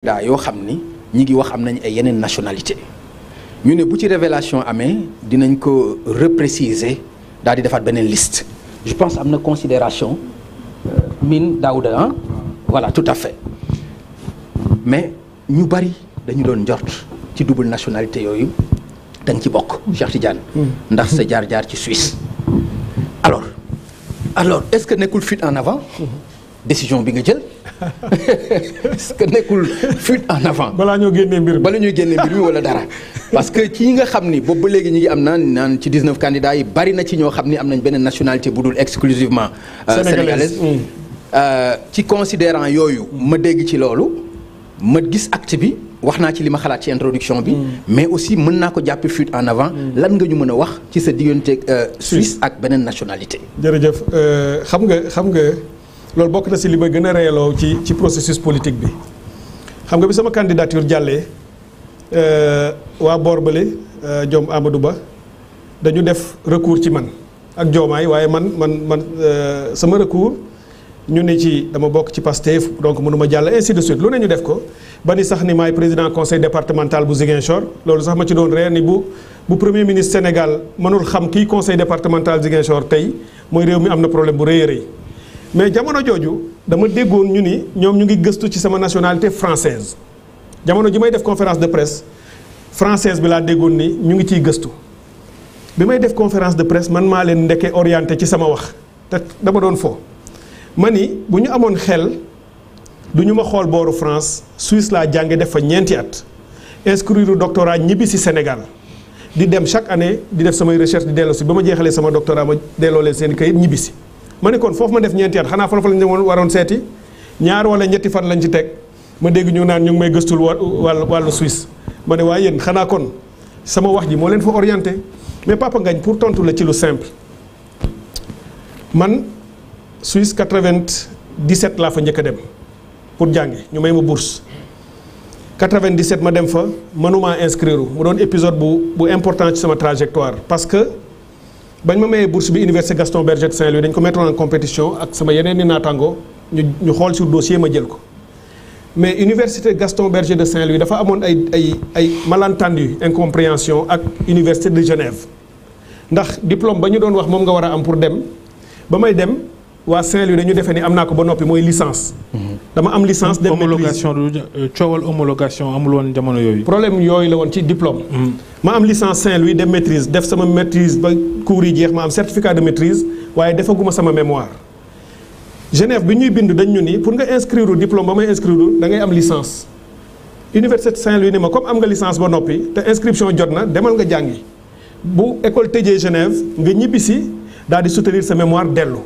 daa yoo xam ni ñi ngi wax am nañ ay yeneen nationalité ñu ne bu ci révélation amee dinañ ko repréciser daal di defaat beneen liste je pense am na considération euh, mine Daouda ah voilà tout à fait mais ñu bari dañu doon njort ci double nationalité yooyu da ci bokk Cheikh Tidiane mm. ndax sa jaar-jaar ci Suisse alors alors est-ce que nekkul fuite en avant mm-hmm. décision bi nga jël parce que nekkul fuite en avant. balaa ñoo génnee mbir mi bala ñoo génnee mbir mi wala dara. parce que ci ñi nga xam ni boobu ba léegi ñu ngi am naan naan ci 19 candidats yi bari na ci ñoo xam ni am nañ beneen nationalité bu dul exclusivement. Euh, sénégalaise mm. euh, ci considerant yooyu. ma dégg ci loolu. ma gis acte bi wax naa ci li ma xalaat ci introduction bi. Mm. mais aussi mën naa ko jàppe fuite en avant. Mm. lan nga ñu mën a wax ci sa diggante euh, Suisse ak beneen nationalité. jërëjëf xam nga xam nga. loolu bokk na si li may gën a reeloo ci ci processus politique bi xam nga bi sama candidature jàllee euh, waa Borbale Jom euh, Amadou Ba dañu def recours ci man ak joomaay waaye man man man euh, sama recours ñu ne ci dama bokk ci Pastef donc mënuma jàll ainsi de suite lu ne ñu def ko ba ni sax ni maay président conseil départemental bu Ziguinchor loolu sax ma ci doon reer ni bu bu premier ministre Sénégal mënul xam kii conseil départemental Ziguinchor tey mooy réew mi am na problème bu rëy a mais jamono jooju dama déggoon ñu ni ñoom ñu ngi gëstu ci sama nationalité française jamono ji may def conférence de presse française bi laa déggoon ni ñu ngi ciy gëstu bi may def conférence de presse man maa leen ndekkee orienté ci sama wax te dama doon fo ma ni bu ñu amoon xel du ñu ma xool booru France Suisse laa jànge def fa ñeenti at inscrire doctorat ñibbi si Sénégal di dem chaque anne di def samay recherche di dellu si ba ma jeexalee sama doctorat ma delloo seen kayit ñibbi si ma ne kon foofu ma def ñeenti at xanaa fan fa lañ demoon waroon seeti ñaar wala ñetti fan lañ ci teg ma dégg ñu naan ñu ngi may gëstul wàllu wàllu Suisse ma ne waaye yéen xanaa kon sama wax ji moo leen fa orienté mais Papa ngañ pour tontu la ci lu simple man Suisse 97 laa fa njëkk a dem pour jànge ñu may ma bourse 97 ma dem fa mënuma inscrire mu doon épisode bu bu important ci sama trajectoire parce que. bañ ma mayee bourse bi université Gaston Berger de Saint-Louis dañ ko mettre compétition ak sama yeneen ni naataango ñu ñu xool sur dossier ma jël ko mais université Gaston Berger de Saint-Louis dafa amoon ay ay ay malentendu incompréhension ak université de Genève ndax diplôme ba ñu doon wax moom nga war a am pour dem ba may dem. waa Saint-Louis dañu defee ni am naa ko ba noppi mooy licence. dama am licence. dem homologation du euh, coowal homologation amul woon jamono yooyu. problème yooyu la woon ci diplôme. Mm-hmm. ma am licence Saint-Louis dem maîtrise def sama maîtrise ba cours yi jeex ma am certificat de maîtrise waaye defaguma sama mémoire. Genève bi ñuy bind dañu ñu ni pour nga inscrire diplôme ba may inscrire da ngay am licence. Université Saint-Louis ni ma comme am nga licence ba noppi te inscription jot na demal nga jàngi bu école tëjee Genève nga ñibbisi daal di soutenir sa mémoire dellu.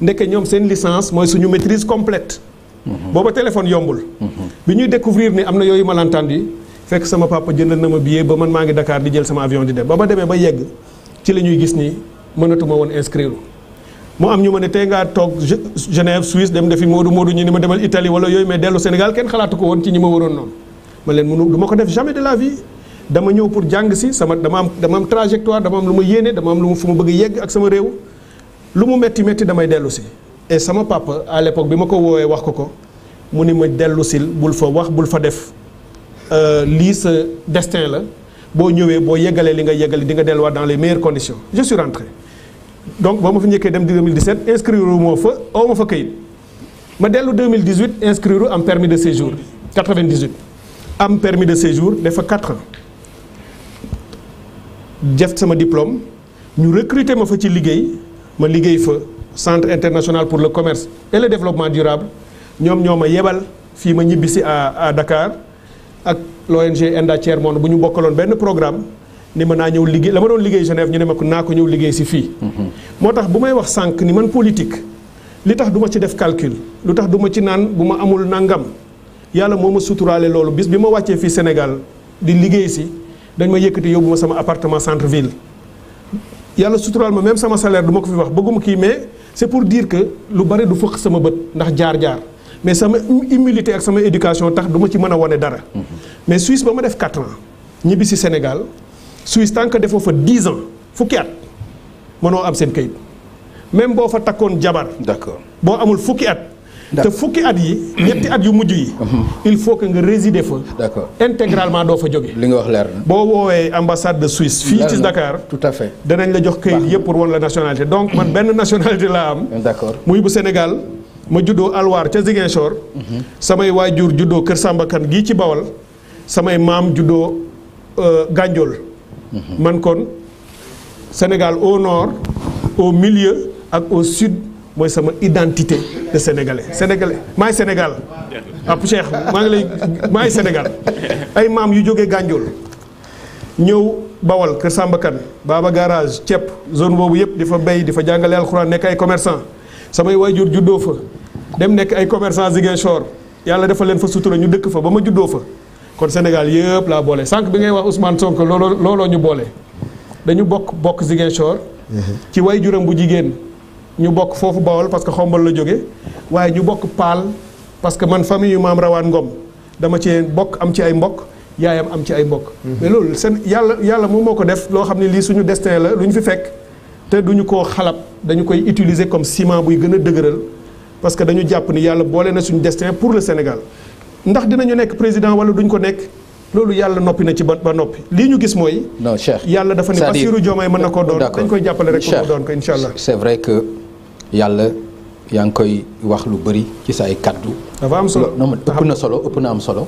ndeke ñoom seen licence mooy suñu maîtrise complète mhm. booba téléphone yombul mhm. bi ñuy découvrir ni am na yooyu malentendu bi fekk sama papa jëndal na ma billet ba man maa ngi Dakar di jël sama avion di dem ba ma demee ba yegg ci la ñuy gis ni mënatuma woon inscrire mu am ñu ma ne tey ngaa toog Genève Suisse dem defi Moodu Moodu ñu ni ma demal Italie wala yooyu mais dellu Sénégal kenn xalaatu ko woon ci ñi ma waroon noonu ma leen mënu du ma ko def jamais de la vie dama ñëw pour jàng si sama dama am dama am trajectoire dama am yéene dama lu ma fu ma bëgg yegg ak sama réew lu mu métti métti damay dellu si et sama papa à l'époque bi ma ko woowee wax ko ko mu ni ma dellu bul fa wax bul fa def euh, lii sa destin la boo ñëwee boo yeggalee li nga yeggali di nga delluwaat dans les meilleures conditions je suis rentré donc ba ma fa njëkkee dem 2017 inscrire moo fa aw ma fa kayit ma dellu mille 2018 inscrire am permis de séjour 98 am permis de séjour def fa 4 ans def sama diplôme ñu recruter ma fa ci liggéey ma liggéey fa centre international pour le commerce et le développement durable ñoom ñoo ma yebal fii ma ñibbi si à Dakar ak l'ONG Enda Tiers Monde bu ñu bokkaloon benn programme ni ma naa ñëw liggéey la ma doon liggéey Genève ñu ne ma ko naa ko ñëw liggéey si fii. Mm-hmm. moo tax bu may wax sànq ni man politique li tax du ma ci def calcul lu tax du ma ci naan bu ma amul nangam yàlla moo ma suturaale loolu bis bi ma wàccee fii Sénégal di liggéey si dañ ma yëkkati yóbbu ma sama appartement centre ville. yàlla suturaal ma même sama salaire du ma ko fi wax bëgguma kii mais c'est pour dire que lu bari du fëq sama bët ndax jaar-jaar mais sama humilité ak sama éducation tax duma ci mën a wane dara. mais Suisse ba ma def 4 ans ñibbi si Sénégal Suisse tant que defoo fa 10 ans fukki at mënoo am seen kayit même boo fa takkoon jabar. d'accord boo amul fukki at. te fukki at yi mm-hmm. ñetti at yu mujj yi mm-hmm. il faut que nga résider fa d'accord intégralement doo fa jóge li nga wax leer boo woowee ambassade de Suisse fii ci Dakar tout à fait danañ la jox këyit yëpp pour wan la nationalité donc man mm-hmm. benn nationalité laa am d'accord muy bu Sénégal ma juddoo Alwaar ca Ziguinchor samay waajur juddoo Kër Sambakan gii ci Bawal samay maam juddoo euh, Gandiol man kon Sénégal au nord au milieu ak au sud mooy sama identité de sénégalais sénégalais maay Sénégal ah Cheikh maa ngi lay maay Sénégal ay maam yu jóge Gànjool ñëw Bawal Kër Sambakan Baba Garage ceeb zone boobu yëpp di fa béy di fa jàngale alxuraan nekk ay commerçant samay waajur juddoo fa dem nekk ay commerçant Ziguinchor yàlla defal leen fa sutura ñu dëkk fa ba ma juddoo fa kon Sénégal yëpp laa boole sànq bi ngay wax Ousmane sonk looloo looloo ñu boole dañu bokk bokk Ziguinchor. Mhm. ci juram bu jigéen. ñu bokk foofu bawol parce que xombal la jóge waaye ñu bokk paal parce que man famille yu maam rawaan ngom dama ci bokk am ci ay mbokk yaayam am ci ay mbokk mhm. mais loolu seen yàlla yàlla moom moo ko def loo xam ne lii suñu destin la lu ñu fi fekk te duñu ko xalab dañu koy utiliser comme ciment buy gën a dëgëral parce que dañu jàpp ni yàlla boole na suñu destin pour le Sénégal ndax dinañu nekk président wala duñ ko nekk loolu yàlla noppi na ci ba ba noppi lii ñu gis mooy. non Cheikh yàlla dafa ni Bassirou Diomaye mën na koo doon dañ koy jàppale rek. pour mu doon ko incha allah yàlla yaa ngi koy wax lu bëri ci sa ay kaddu. dafa am solo non ëpp na solo ëpp na am solo.